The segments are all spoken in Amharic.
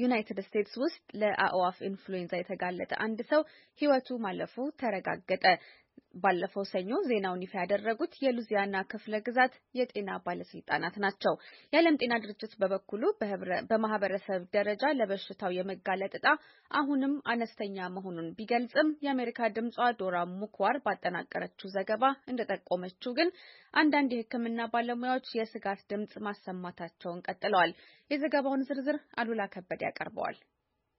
ዩናይትድ ስቴትስ ውስጥ ለአእዋፍ ኢንፍሉዌንዛ የተጋለጠ አንድ ሰው ሕይወቱ ማለፉ ተረጋገጠ። ባለፈው ሰኞ ዜናውን ይፋ ያደረጉት የሉዚያና ክፍለ ግዛት የጤና ባለስልጣናት ናቸው። የዓለም ጤና ድርጅት በበኩሉ በማህበረሰብ ደረጃ ለበሽታው የመጋለጥ ዕጣ አሁንም አነስተኛ መሆኑን ቢገልጽም የአሜሪካ ድምጿ ዶራ ሙክዋር ባጠናቀረችው ዘገባ እንደጠቆመችው ግን አንዳንድ የሕክምና ባለሙያዎች የስጋት ድምጽ ማሰማታቸውን ቀጥለዋል። የዘገባውን ዝርዝር አሉላ ከበደ ያቀርበዋል።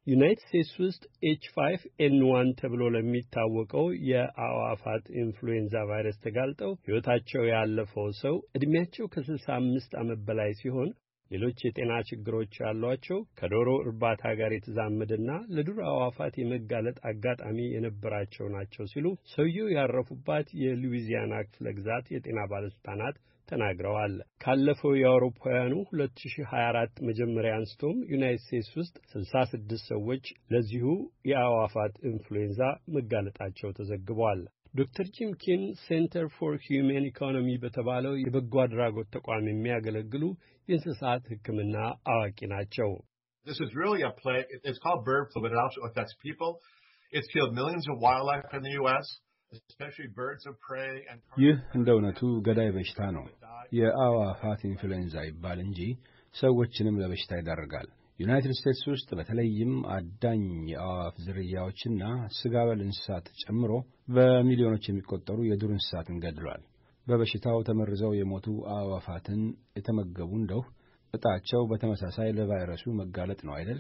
ዩናይትድ ስቴትስ ውስጥ ኤች ፋይቭ ኤን ዋን ተብሎ ለሚታወቀው የአዋፋት ኢንፍሉዌንዛ ቫይረስ ተጋልጠው ሕይወታቸው ያለፈው ሰው ዕድሜያቸው ከስልሳ አምስት ዓመት በላይ ሲሆን ሌሎች የጤና ችግሮች ያሏቸው ከዶሮ እርባታ ጋር የተዛመደና ለዱር አዕዋፋት የመጋለጥ አጋጣሚ የነበራቸው ናቸው ሲሉ ሰውየው ያረፉባት የሉዊዚያና ክፍለ ግዛት የጤና ባለስልጣናት ተናግረዋል። ካለፈው የአውሮፓውያኑ 2024 መጀመሪያ አንስቶም ዩናይት ስቴትስ ውስጥ 66 ሰዎች ለዚሁ የአዕዋፋት ኢንፍሉዌንዛ መጋለጣቸው ተዘግቧል። ዶክተር ጂም ኬን ሴንተር ፎር ሂዩሜን ኢኮኖሚ በተባለው የበጎ አድራጎት ተቋም የሚያገለግሉ የእንስሳት ህክምና አዋቂ ናቸው። ይህ እንደ እውነቱ ገዳይ በሽታ ነው። የአዕዋፋት ኢንፍሉዌንዛ ይባል እንጂ ሰዎችንም ለበሽታ ይዳርጋል። ዩናይትድ ስቴትስ ውስጥ በተለይም አዳኝ የአዋፍ ዝርያዎችና ስጋ በል እንስሳት ጨምሮ በሚሊዮኖች የሚቆጠሩ የዱር እንስሳትን ገድሏል። በበሽታው ተመርዘው የሞቱ አዕዋፋትን የተመገቡ እንደው እጣቸው በተመሳሳይ ለቫይረሱ መጋለጥ ነው አይደል?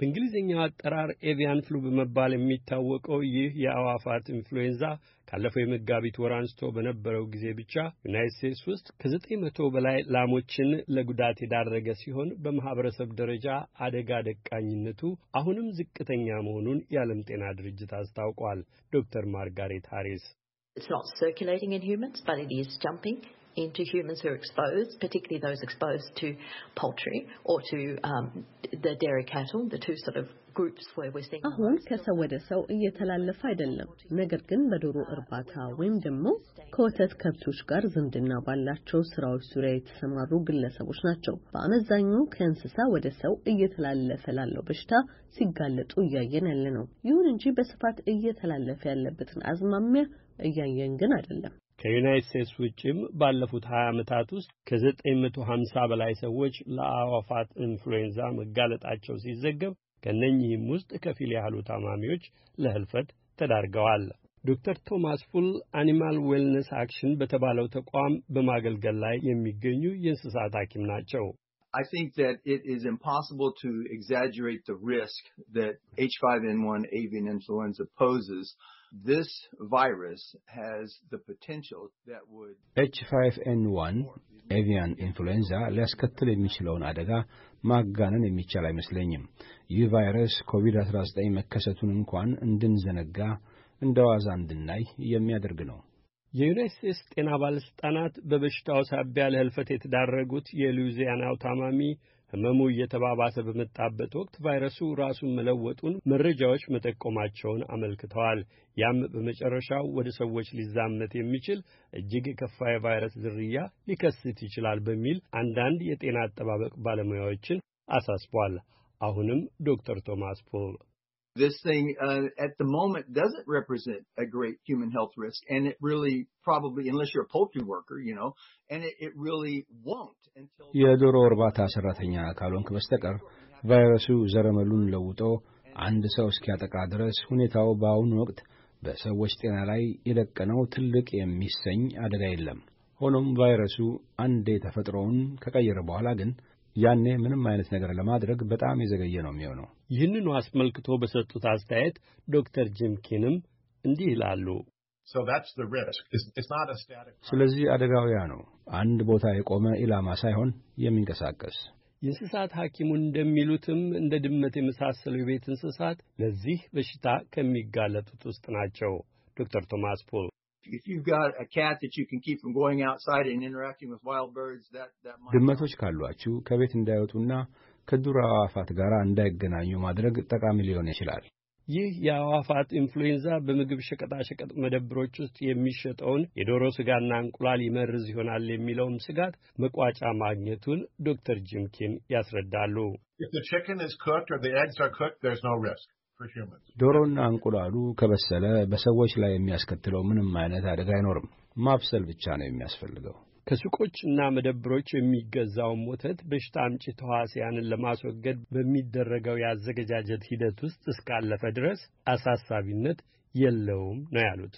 በእንግሊዝኛው አጠራር ኤቪያን ፍሉ በመባል የሚታወቀው ይህ የአዕዋፋት ኢንፍሉዌንዛ ካለፈው የመጋቢት ወር አንስቶ በነበረው ጊዜ ብቻ ዩናይት ስቴትስ ውስጥ ከዘጠኝ መቶ በላይ ላሞችን ለጉዳት የዳረገ ሲሆን በማኅበረሰብ ደረጃ አደጋ ደቃኝነቱ አሁንም ዝቅተኛ መሆኑን የዓለም ጤና ድርጅት አስታውቋል። ዶክተር ማርጋሬት ሃሪስ into humans who are exposed, particularly those exposed to poultry or to um, the dairy cattle, the two sort of አሁን ከሰው ወደ ሰው እየተላለፈ አይደለም። ነገር ግን በዶሮ እርባታ ወይም ደግሞ ከወተት ከብቶች ጋር ዝምድና ባላቸው ስራዎች ዙሪያ የተሰማሩ ግለሰቦች ናቸው በአመዛኙ ከእንስሳ ወደ ሰው እየተላለፈ ላለው በሽታ ሲጋለጡ እያየን ያለ ነው። ይሁን እንጂ በስፋት እየተላለፈ ያለበትን አዝማሚያ እያየን ግን አይደለም። ከዩናይት ስቴትስ ውጭም ባለፉት 20 ዓመታት ውስጥ ከ950 በላይ ሰዎች ለአዋፋት ኢንፍሉዌንዛ መጋለጣቸው ሲዘገብ ከእነኚህም ውስጥ ከፊል ያህሉ ታማሚዎች ለህልፈት ተዳርገዋል። ዶክተር ቶማስ ፉል አኒማል ዌልነስ አክሽን በተባለው ተቋም በማገልገል ላይ የሚገኙ የእንስሳት ሐኪም ናቸው። I think that it is impossible to exaggerate the risk that H5N1 avian influenza poses ኤች ፋይቭ ኤን ዋን ኤቪያን ኢንፍሉዌንዛ ሊያስከትል የሚችለውን አደጋ ማጋነን የሚቻል አይመስለኝም። ይህ ቫይረስ ኮቪድ-19 መከሰቱን እንኳን እንድንዘነጋ እንደ ዋዛ እንድናይ የሚያደርግ ነው። የዩናይት ስቴትስ ጤና ባለሥልጣናት በበሽታው ሳቢያ ለህልፈት የተዳረጉት የሉዊዚያናው ታማሚ ህመሙ እየተባባሰ በመጣበት ወቅት ቫይረሱ ራሱን መለወጡን መረጃዎች መጠቆማቸውን አመልክተዋል። ያም በመጨረሻው ወደ ሰዎች ሊዛመት የሚችል እጅግ የከፋ የቫይረስ ዝርያ ሊከስት ይችላል በሚል አንዳንድ የጤና አጠባበቅ ባለሙያዎችን አሳስቧል። አሁንም ዶክተር ቶማስ ፖል this thing uh, at the moment doesn't represent a great human health risk. And it really probably, unless you're a poultry worker, you know, and it, it really won't until... የዶሮ እርባታ ሰራተኛ ካልሆንክ በስተቀር ቫይረሱ ዘረመሉን ለውጦ አንድ ሰው እስኪያጠቃ ድረስ ሁኔታው በአሁኑ ወቅት በሰዎች ጤና ላይ የደቀነው ትልቅ የሚሰኝ አደጋ የለም። ሆኖም ቫይረሱ አንዴ ተፈጥሮውን ከቀየረ በኋላ ግን ያኔ ምንም አይነት ነገር ለማድረግ በጣም የዘገየ ነው የሚሆነው። ይህንኑ አስመልክቶ በሰጡት አስተያየት ዶክተር ጂም ኪንም እንዲህ ይላሉ። ስለዚህ አደጋው ያ ነው፣ አንድ ቦታ የቆመ ኢላማ ሳይሆን የሚንቀሳቀስ። የእንስሳት ሐኪሙን እንደሚሉትም እንደ ድመት የመሳሰሉ የቤት እንስሳት ለዚህ በሽታ ከሚጋለጡት ውስጥ ናቸው። ዶክተር ቶማስ ፖል ድመቶች ካሏችሁ ከቤት እንዳይወጡና ከዱር አዕዋፋት ጋር እንዳይገናኙ ማድረግ ጠቃሚ ሊሆን ይችላል። ይህ የአዕዋፋት ኢንፍሉዌንዛ በምግብ ሸቀጣሸቀጥ መደብሮች ውስጥ የሚሸጠውን የዶሮ ስጋና እንቁላል ይመርዝ ይሆናል የሚለውም ስጋት መቋጫ ማግኘቱን ዶክተር ጂምኪን ያስረዳሉ። ዶሮና እንቁላሉ ከበሰለ በሰዎች ላይ የሚያስከትለው ምንም አይነት አደጋ አይኖርም። ማብሰል ብቻ ነው የሚያስፈልገው። ከሱቆችና መደብሮች የሚገዛውን ወተት በሽታ አምጪ ተዋሲያንን ለማስወገድ በሚደረገው የአዘገጃጀት ሂደት ውስጥ እስካለፈ ድረስ አሳሳቢነት የለውም ነው ያሉት።